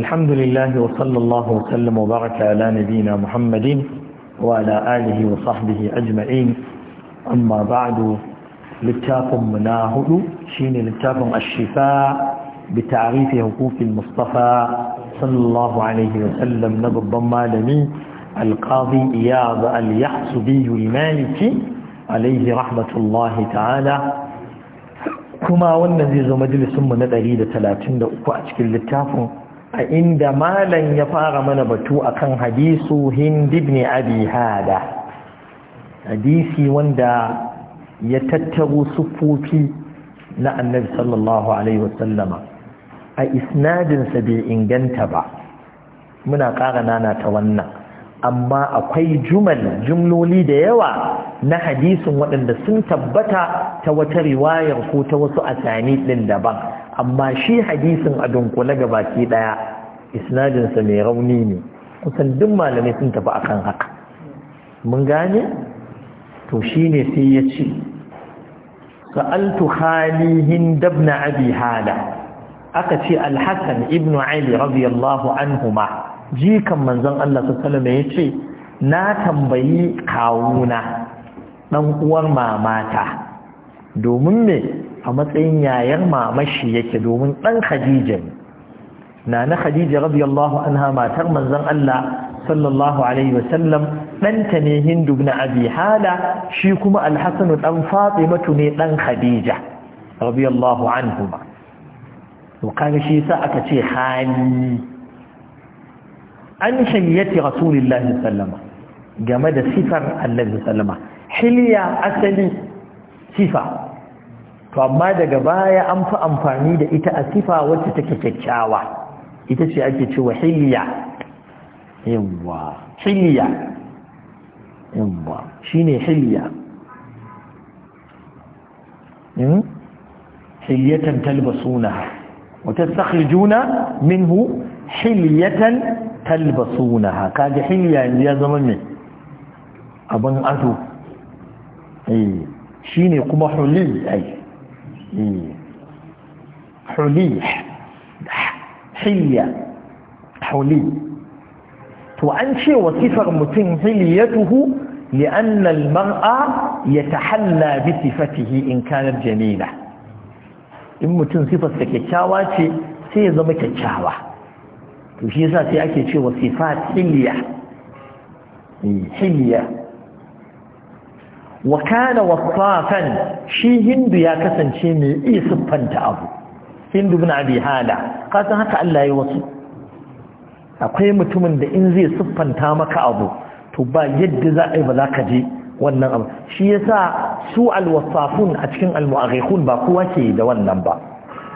الحمد لله وصلى الله وسلم وبارك على نبينا محمد وعلى آله وصحبه أجمعين أما بعد لتاف مناهد شين لتاف الشفاء بتعريف حقوق المصطفى صلى الله عليه وسلم نبض مالمي القاضي إياض اليحسبي المالكي عليه رحمة الله تعالى كما ونزيز مجلس من الأريد ثلاثين لأكواتك اللتافون a inda malan ya fara mana batu akan hadisu hindi ibn abi hada hadisi wanda ya tattaro sufofi na annabi sallallahu alaihi wasallama a isnadinsa bai inganta ba muna ƙara nana ta wannan amma akwai jumal jumloli da yawa na hadisin waɗanda sun tabbata ta wata riwayar ko ta wasu asani ɗin daban amma shi hadisin a dunkule ga baki daya isnadinsa mai rauni ne kusan duk malamai sun tafi akan haka mun gane to shine sai ya ce sa'altu khalihin dabna abi hala aka ce alhassan ibnu ali radiyallahu anhuma jikan manzon Allah sallallahu alaihi ya ce na tambayi kawuna dan uwar mamata domin me a matsayin yayar mamashi yake domin ɗan Khadija ne na na Khadija radiyallahu anha matar manzon Allah sallallahu alaihi wasallam ɗanta ne Hindu na Abi Hala shi kuma alhassanu ɗan Fatimatu ne ɗan Khadija radiyallahu anhuma to kaga shi sa aka ce hali an shayyati rasulullahi sallama game da sifar annabi sallama hiliya asali sifa to amma daga baya an fi amfani da ita a sifa wacce take kyakkyawa ita ce ake cewa hilya yawwa hilya yawwa shine hilya hmm? hilyatan talbasunaha wa tastakhrijuna minhu hilyatan talbasunaha kaga hilya ya zama ne abin ado eh shine kuma hulil ai hulih hiliya huli to an ce wa sifar mutum hiliyatuhu لأن المرأة يتحلى بصفته إن كانت جميلة إن متن صفة كتشاوة سيزم كتشاوة وشيسا سيأكي شيء وصفات حلية حلية wa kana wasafan shi hindu ya kasance mai iya siffanta abu hindu bin abi hala ka haka Allah ya wasu akwai mutumin da in zai siffanta maka abu to ba yadda za a yi ba za ka je wannan abu shi yasa su alwasafun a cikin almu'arikun ba kowa ke da wannan ba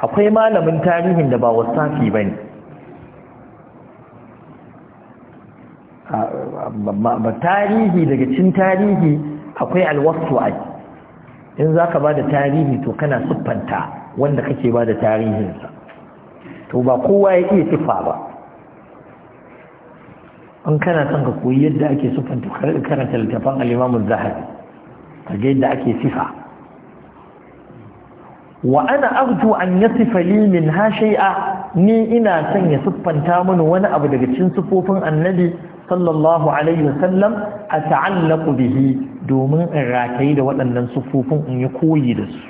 akwai malamin tarihin da ba wasafi ba bane tarihi daga cin tarihi akwai alwasu a in za ka ba da tarihi to kana siffanta wanda kake ba da tarihinsa to ba kowa ya iya siffa ba in kana son ka koyi yadda ake siffanta karanta littafin alimamun zahari ka ga yadda ake sifa wa ana arju an ya sifa min ha shai'a ni ina son ya siffanta mini wani abu daga cikin sifofin annabi sallallahu alaihi wasallam a ta'allaqu bihi domin in rataye da waɗannan siffofin in yi koyi da su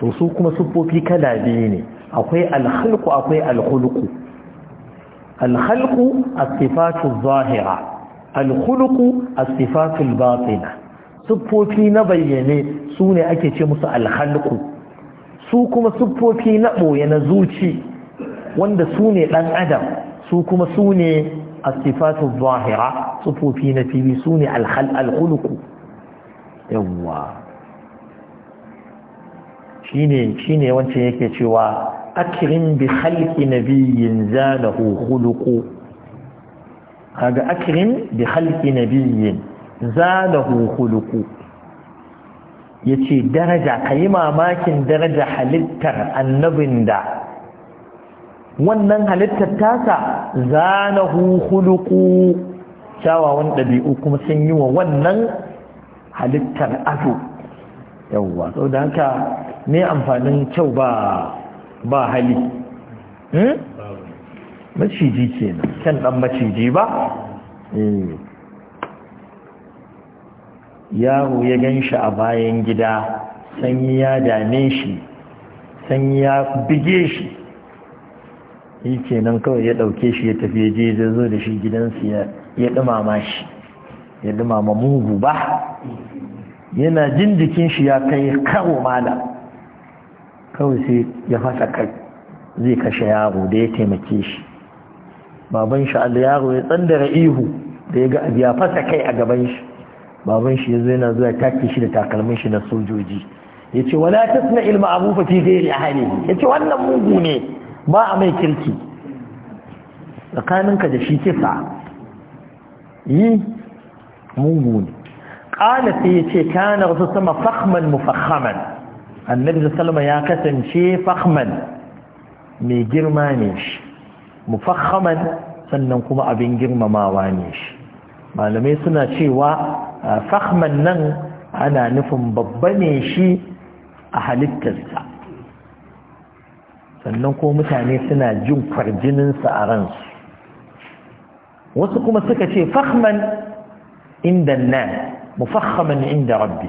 to su kuma siffofi kala biyu ne akwai alhalku akwai alhulku alhalku a sifatu zahira alhulku a sifatu batina siffofi na bayyane su ne ake ce musu alhalku su kuma siffofi na ɓoye na zuci wanda su ne ɗan adam su kuma su ne الصفات الظاهرة صفوفي نتيبي سوني الخلق يوا شيني شيني وانت يكي شوا أكرم بخلق نبي زانه خلق هذا أكرم بخلق نبي زانه خلق yace daraja kayi mamakin daraja halittar annabin da wannan halittar tasa zanahu khuluqu kyawawan ɗabi'u kuma sun yi wa wannan halittar ado yawwa sau da haka ne amfanin kyau ba ba hali hmm? maciji kenan kan dan maciji ba eh. yaro ya gan shi a bayan gida sanyi ya dame shi sanyi ya bige shi yi kenan kawai ya ɗauke shi ya tafi ya je ya zo da shi gidansu ya ɗumama shi ya ɗumama mugu ba yana jin jikin shi ya kai kawo mala kawai sai ya fasa kai zai kashe yaro da ya taimake shi baban shi allah yaro ya tsandara ihu da ya ga abu ya fasa kai a gaban shi baban shi ya zo yana zuwa take shi da takalmin shi na sojoji ya ce wala tasna ilma abu fa fi gairi ahli ya ce wannan mugu ne ba a mai kirki tsakaninka da shi kisa yi mugu ne ƙala sai ya ce kana wasu sama fahman mufahaman annabi salama ya kasance fahman mai girma ne shi mufahman sannan kuma abin girmamawa ne shi malamai suna cewa fahman nan ana nufin babba ne shi a halittarsa sannan ko mutane suna jin kwarjininsu a ransu wasu kuma suka ce fahman inda nan mufahman inda rabbi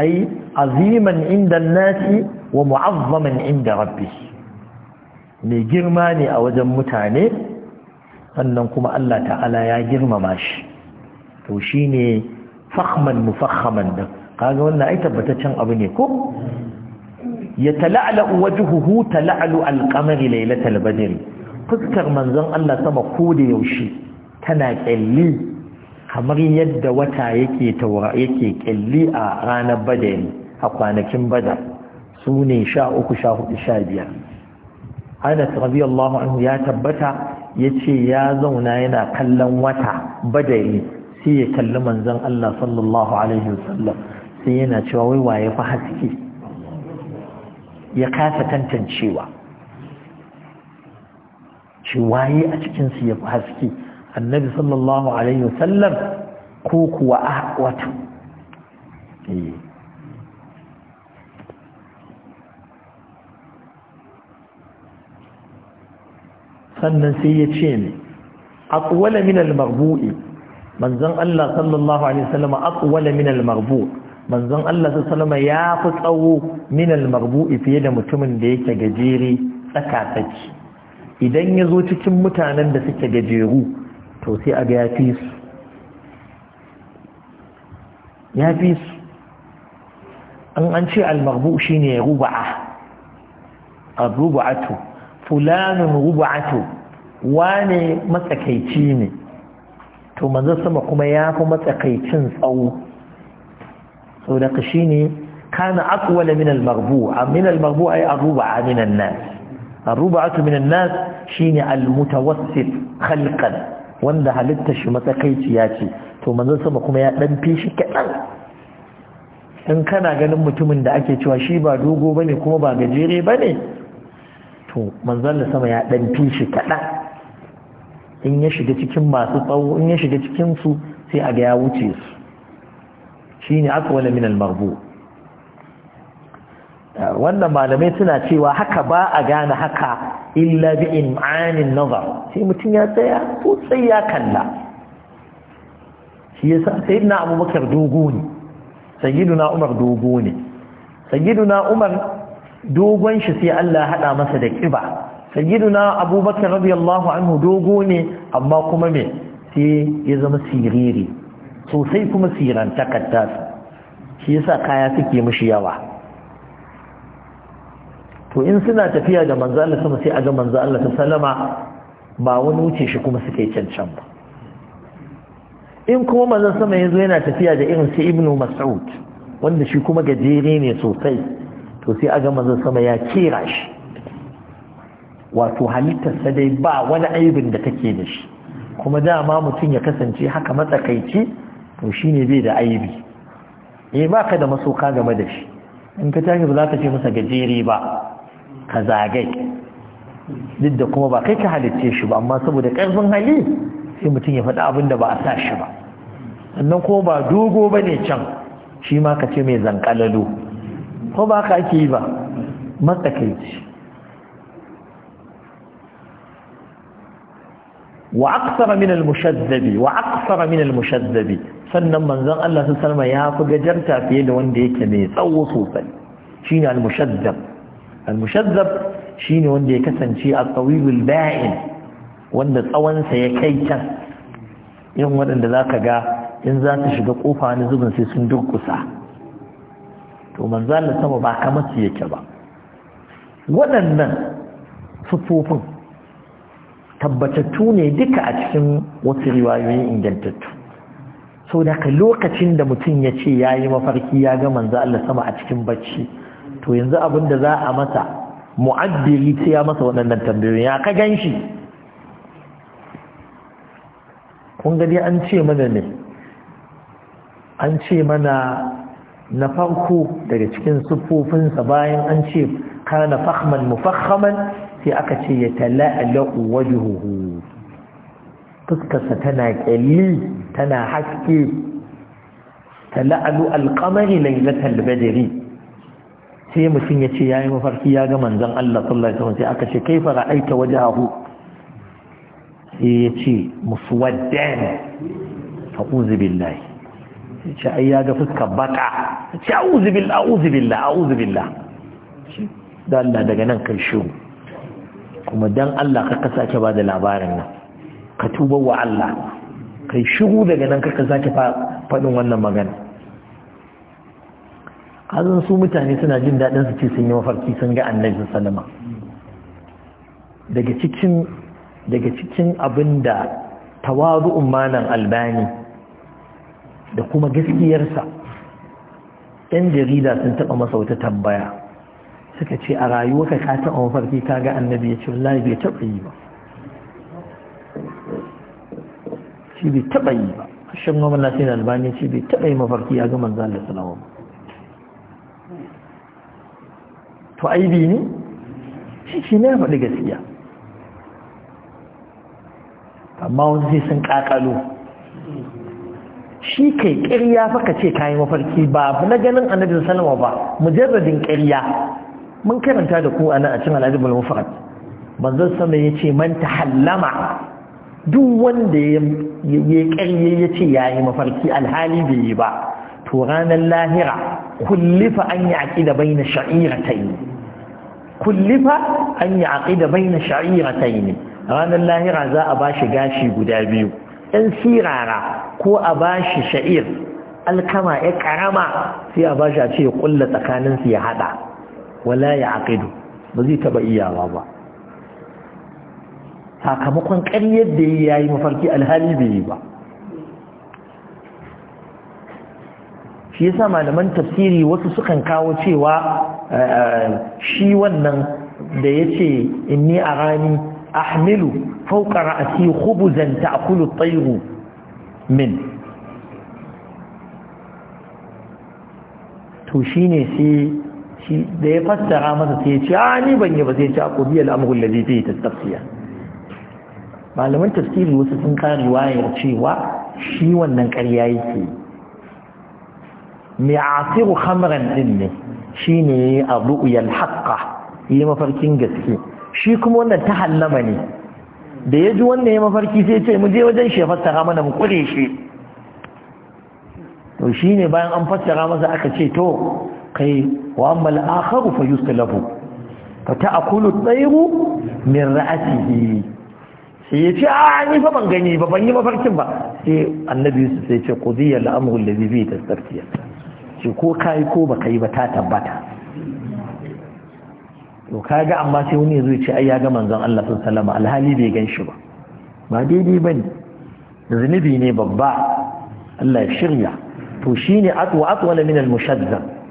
ai aziman inda nasi wa mu'azzaman inda rabbi mai girma ne a wajen mutane sannan kuma Allah ta'ala ya girmama shi to shine fahman mufahman da kaga wannan ai tabbataccen abu ne ko yatala'la wajhuhu tala'lu al-qamari laylatal badr fuskar manzon Allah sama ko da yaushe tana ƙyalli kamar yadda wata yake taura yake a ranar badari a kwanakin badar sune ne sha uku sha hudu sha biyar anas radiyallahu anhu ya tabbata ya ce ya zauna yana kallon wata badari sai ya kalli manzon Allah sallallahu alaihi wasallam sai yana cewa wai waye fa haske ya kasa tantancewa shi waye a cikinsu ya fi haske annabi sallallahu alaihi wasallam ko kuwa a wata eh. sannan sai ya ce ne akwala min al-marbu'i manzon Allah sallallahu alaihi wasallam akwala min al-marbu'i manzon Allah sallama ya fi tsawo min al-marbu'i fiye da mutumin da yake gajere tsakatsaki idan ya zo cikin mutanen da suke gajeru to sai a ga ya fi su ya fi su an an ce al-marbu shine ruba'a ar-ruba'atu fulanun ruba'atu wane matsakaici ne to manzon sama kuma ya fi matsakaicin tsawo sau shine kashi ne kana akwala min al-marbu'a min al-marbu'a ay arba'a min an-nas arba'atu min an-nas shine al-mutawassit khalqan wanda halitta shi matsakaiciya ce to manzon sama kuma ya dan fishi kadan in kana ganin mutumin da ake cewa shi ba dogo bane kuma ba gajere bane to manzon sama ya dan shi kaɗan in ya shiga cikin masu tsawo in ya shiga cikin su sai a ga ya wuce su shine aqwala min al-maghbu wannan malamai suna cewa haka ba a gane haka illa bi im'anin nazar sai mutum ya tsaya ko sai ya kalla shi yasa sayyidina abubakar dogo ne sayyiduna umar dogo ne sayyiduna umar dogon shi sai Allah hada masa da kiba sayyiduna abubakar radiyallahu anhu dogo ne amma kuma me sai ya zama siriri sosai kuma siran tasu shi yasa kaya suke mishi yawa to in suna tafiya da manzo Allah sama sai a ga manzo Allah sallama ba wani wuce shi kuma suke cancan ba in kuma manzo sama yanzu yana tafiya da irin sai ibnu mas'ud wanda shi kuma gajere ne sosai to sai a ga manzo sama ya kira shi wato sa dai ba wani aibin da take da shi kuma dama mutum ya kasance haka matsakaici to ne bai da aibi eh, ba ka da masoka game da shi in ka tashi ba za ka ce masa gajere ba ka zagai duk da kuma ba kai ka halitce shi ba amma saboda karfin hali sai mutum ya faɗi abin da ba a sa shi ba sannan kuma ba dogo ba ne can shi ma ka ce mai zankalalo ko ba ka ake yi ba matsakaici wa aksara min al-mushazzabi wa aksara min al-mushazzabi sannan manzon Allah sallallahu ya fi jarta fiye da wanda yake mai tsawo sosai shine al-mushazzab al-mushazzab shine wanda ya kasance a tsawilul ba'in wanda tsawon sa ya kai can yin waɗanda zaka ga in za su shiga kofa na zubin sai sun durkusa to manzon Allah sama ba kamar yake ba waɗannan sufofin tabbatattu ne duka a cikin wasu riwayoyi ingantattu sau da ka lokacin da mutum ya ce ya yi mafarki ya ga manzo Allah sama a cikin bacci to yanzu abin da za a masa mu'addiri sai ya masa waɗannan tambayoyi, ya ka gan shi kun gani an ce mana ne an ce mana na farko daga cikin siffofinsa bayan an ce kana fahman fahman sai aka ce ya tala'alaku wajuhu fuskarsa tana kyalli tana haske tala'alu alqamari lailatul badri sai mutum ya ce ya yi mafarki ya ga manzon Allah sallallahu alaihi wasallam sai aka ce kai kaifa ra'aita wajahu sai ya ce muswaddan a'udhu billahi sai ce ai ya ga fuskar baka sai a'udhu billahi a'udhu billahi a'udhu billahi da Allah daga nan kai shiru kuma dan Allah ka sake ba da labarin nan ka tuba wa Allah kai shiru daga nan ka sake faɗin wannan magana azan su mutane suna jin daɗin su ce sun yi mafarki sun ga annabi sallama daga cikin daga cikin abinda tawazu'un manan albani da kuma gaskiyarsa 'yan jarida sun taɓa masa wata tambaya suka ce a rayuwarka ka taɓa mafarki ka ga annabi ya ce wallahi bai taɓa yi ba shi bai taɓa yi ba shan goma na sai albani shi bai taɓa yi mafarki ya ga manzan da salawa ba to aibi ne shi shi ne ya faɗi gaskiya amma wani sai sun ƙaƙalo shi kai ƙirya faka ce yi mafarki ba na ganin annabin salama ba mujarradin ƙirya mun karanta da ku ana a cikin al'adun mufrad manzon sama ya ce man tahallama duk wanda ya ƙarye ya ce ya yi mafarki alhali bai yi ba to ranar lahira kullifa an yi aƙida bai na sha'iratai kullifa an yi aƙida bai na sha'iratai ranar lahira za a ba shi gashi guda biyu ɗan sirara ko a ba shi sha'ir alkama ya ƙarama sai a ba shi a ce ya ƙulla tsakaninsu ya haɗa wala ya aqidu ba zai taɓa iyawa ba sakamakon ƙaryar da ya yi mafarki alhali bai yi ba shi yasa malaman tafsiri wasu sukan kawo cewa eh, eh, shi wannan da ya ce inni a rani ahmilu asi ra'asi khubuzan ta'kulu tayru min to shine sai da ya fassara masa sai ya ce a ah, ni ban yi ba sai ya ce a kobi al'amurin da zai ta tafiya malaman tafsiri wasu sun kare wayar cewa shi wannan ƙarya yake mai asiru hamran din ne shi ne a ru'uyar haƙƙa yi mafarkin gaske shi kuma wannan ta hallama ne da ya ji wannan ya mafarki sai ce mu je wajen shi ya fassara mana mu kure shi to shi ne bayan an fassara masa aka ce to kai wa amma al-akharu fa yuslabu fa ta'kulu at-tayru min ra'atihi sai ya ce a ah, ni fa ban gani ba ban yi mafarkin ba sai annabi yusuf sai ce qudiya al-amru alladhi fihi tastafiya ce ko kai ko ba kai ba ta tabbata to kaga amma sai wani zai ce ai ya ga manzon Allah sallallahu alaihi wasallam alhali bai ganshi shi ba ba daidai bane zunubi ne babba Allah ya shirya to shine atwa atwa min al-mushaddah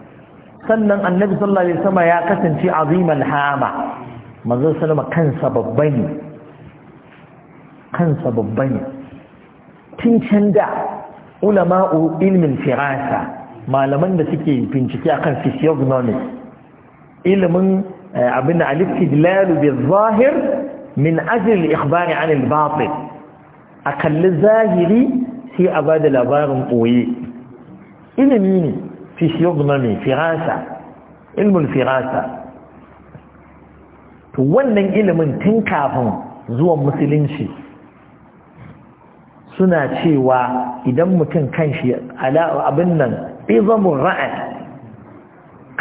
sannan annabi sallallahu alaihi wasallam ya kasance azimal hama manzo sallama kansa babba ne kansa babba ne tun can da ulama'u ilmin firasa malaman da suke bincike akan physiognomy ilimin eh, abin da al-istidlal bil zahir min ajli al-ikhbar an al-batin akalli zahiri sai a bada labarin ɓoye ilimi ne fisiyognami firasa ilmin firasa to wannan ilimin tun kafin zuwan musulunci suna cewa idan mutum kan shi abin nan izamun ra'a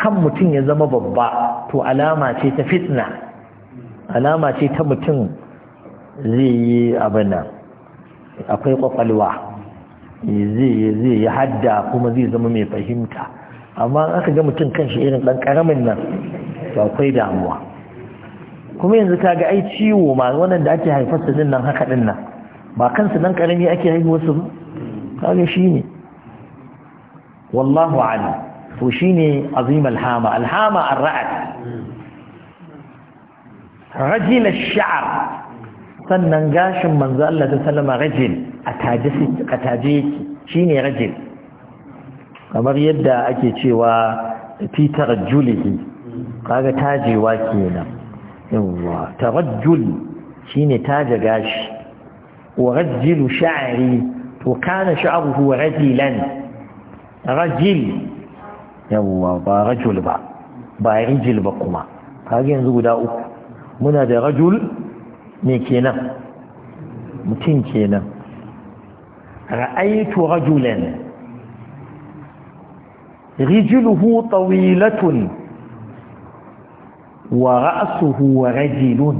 kan mutum ya zama babba to alama ce ta fitna alama ce ta mutum zai yi abin nan akwai kwakwalwa zai yi hadda kuma zai zama mai fahimta amma aka ga mutum kanshi irin ɗan ƙaramin nan to akwai damuwa kuma yanzu ka ga ai ciwo ma wannan da ake haifarsa da nan haka din nan ba kansu nan karami ake su ba kaga shi ne wallahu alim to shi ne azim alhama alhama arra'ad rajil sha'ar sannan gashin manzo Allah ta sallama rajul a taje shi ne shine kamar yadda ake cewa fitar julihi kaga tajewa kenan yawa tarajjul shine taje gashi wa rajul sha'ri to kana sha'ruhu rajilan rajil yawa ba rajul ba ba rajil ba kuma kaga yanzu guda uku muna da rajul me kenan mutum kenan ra'aitu rajulan rijluhu tawilatun wa ra'suhu rajulun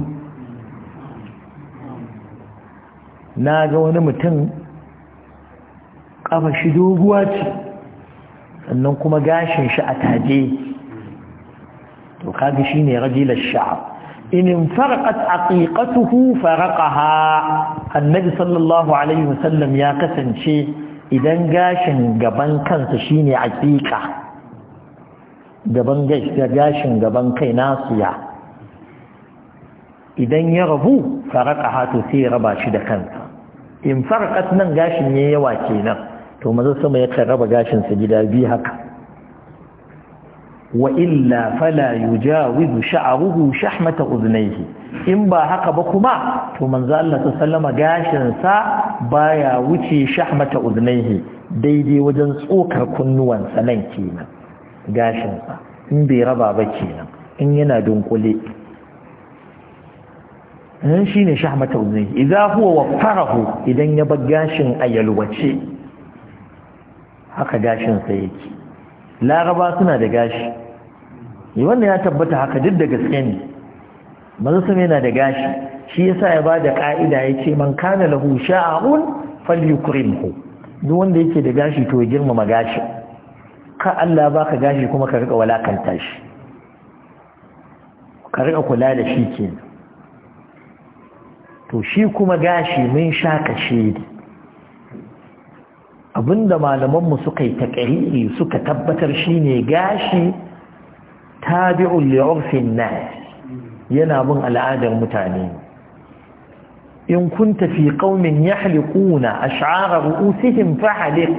na ga wani mutum kafa shi doguwa ce sannan kuma gashin shi a taje to kaga shine rajulan sha'ab in infarqat aqiqatuhu faraqaha annabi sallallahu alaihi wasallam ya kasance idan gashin gaban kansa shine aqiqa gaban gashin gaban kai nasiya idan ya rabu faraka to sai ya raba shi da kansa in farkat nan gashin ya yawa kenan to maza sama ya kan raba gashin sa gida biyu haka wa illa fala yujawizu sha'ruhu shahmata udhnayhi in ba haka ba kuma to manzo Allah sallama gashin sa baya wuce shahmata udhnayhi daidai wajen tsokar kunnuwan sa nan kenan gashin sa in bai raba ba kenan in yana dunkule nan eh, shine shahmata udhnayhi idza huwa waqtarahu idan ya bar gashin a yalwace haka gashin sa yake laraba suna da gashi Yi wannan ya tabbata haka duk da gaske ne manzo yana da gashi shi yasa ya bada ka'ida yace man kana lahu sha'un falyukrimhu duk wanda yake da gashi to ya girmama gashi ka Allah baka gashi kuma ka rika walakanta shi ka rika kula da shi kenan to shi kuma gashi mun shaka shi abinda malamanmu suka yi taƙariri suka tabbatar shine gashi tabi'un li urfin nas yana bin al'adar mutane in kunta fi qaumin yahliquna ash'ara ru'usihim fahliq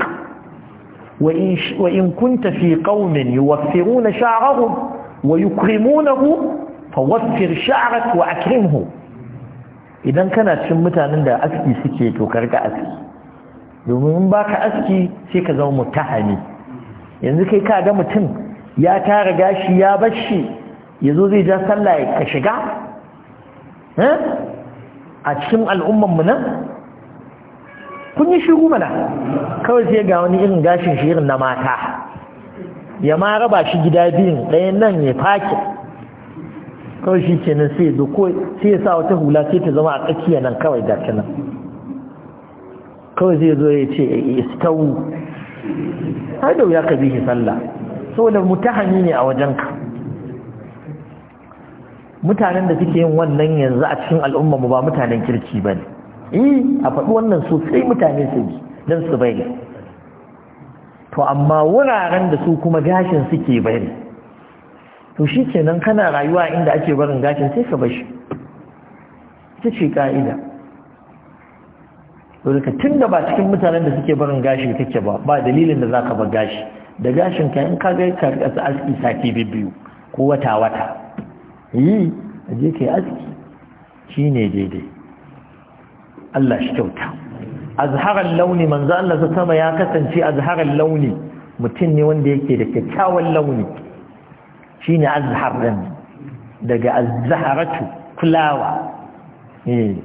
wa in kunta fi qaumin yuwaffiruna sha'rahum wa yukrimunahu fawaffir sha'rak wa akrimhu idan kana cikin mutanen da aski suke to karka aski domin in baka aski sai ka zama mutahani yanzu kai ka ga mutum ya tara gashi ya bashi ya zo zai ja sallah ya shiga eh? a cikin al'umman mu nan kun yi shiru mana kawai sai ga wani irin gashin shi irin na mata ya ma raba shi gida biyun ɗaya nan ya fakin kawai shi ke nan sai zo sai ya sa wata hula sai ta zama a tsakiya nan kawai da ta nan kawai zai zo ya ce istawu eh, eh, har da wuya ka bi shi sallah saboda mutahani ne a wajenka mutanen da suke yin wannan yanzu a cikin al'umma mu ba mutanen kirki ba ne eh a faɗi wannan sosai mutane su bi don su bari to amma wuraren da su kuma gashin suke bari to shi kenan kana rayuwa inda ake barin gashin sai ka bashi ita ce ka'ida to tun da ba cikin mutanen da suke barin gashi kake ba ba dalilin da za ka bar gashi da gashin ka in ka ga ka rika aski sati biyu ko wata wata yi je kai aski shine daidai Allah shi kyauta azharan launi manzo Allah sa sama ya kasance azharan launi mutum ne wanda yake da kyakkyawan launi shine azhar din daga azharatu kulawa eh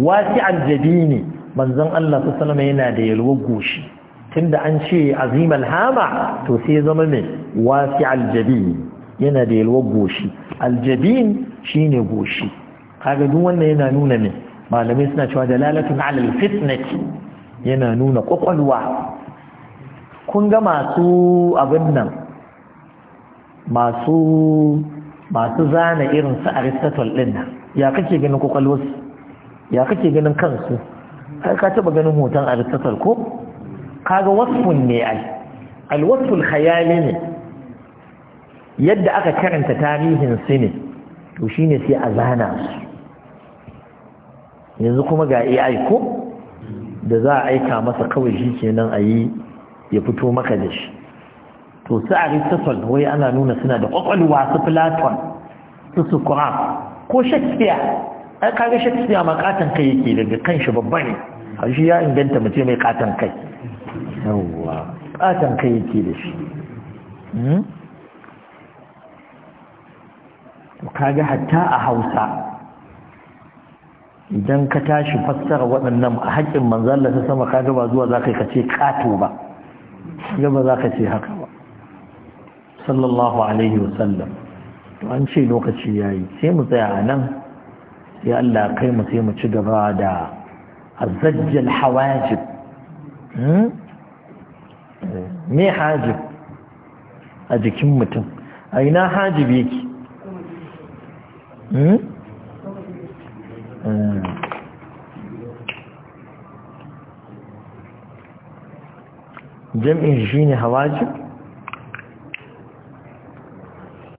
wasi'al jabini manzon Allah sallallahu alaihi wasallam yana da yalwar goshi tunda an ce azimal hama to sai ya zama mai wasi aljabin yana da yalwar goshi aljabin ne goshi kaga duk wannan yana nuna ne malamai suna cewa da lalatun alal fitnati yana nuna kwakwalwa kun ga masu abin nan masu masu irin su aristotle din nan ya kake ganin kwakwalwarsu ya kake ganin kansu kai ka taba ganin hoton aristotle ko kaga wasfun ne ai alwasful khayali ne yadda aka karanta tarihin su ne to shine sai a zana su yanzu kuma ga AI ko da za a aika masa kawai shi kenan a yi ya fito maka da shi to su aristotle wai ana nuna suna da kwakwalwa su platon su sukura ko shakespeare ai kaga shakespeare ma katon kai yake daga kan shi babba ne a shi ya inganta mace mai katon kai yawwa ƙatan kai yake da shi hmm? kaga hatta a hausa idan ka tashi fassara waɗannan a haƙƙin manzalla ta sama kaga ba zuwa za ka ce ƙato ba gaba za ka ce haka ba sallallahu alaihi wasallam to an ce lokaci ya yi sai mu tsaya a nan sai allah kai mu sai mu ci gaba da azajjal hawajib Hmm? me hajib a jikin mutum a ina hajib yake hmm? Hmm. jam'in shi ne hawajib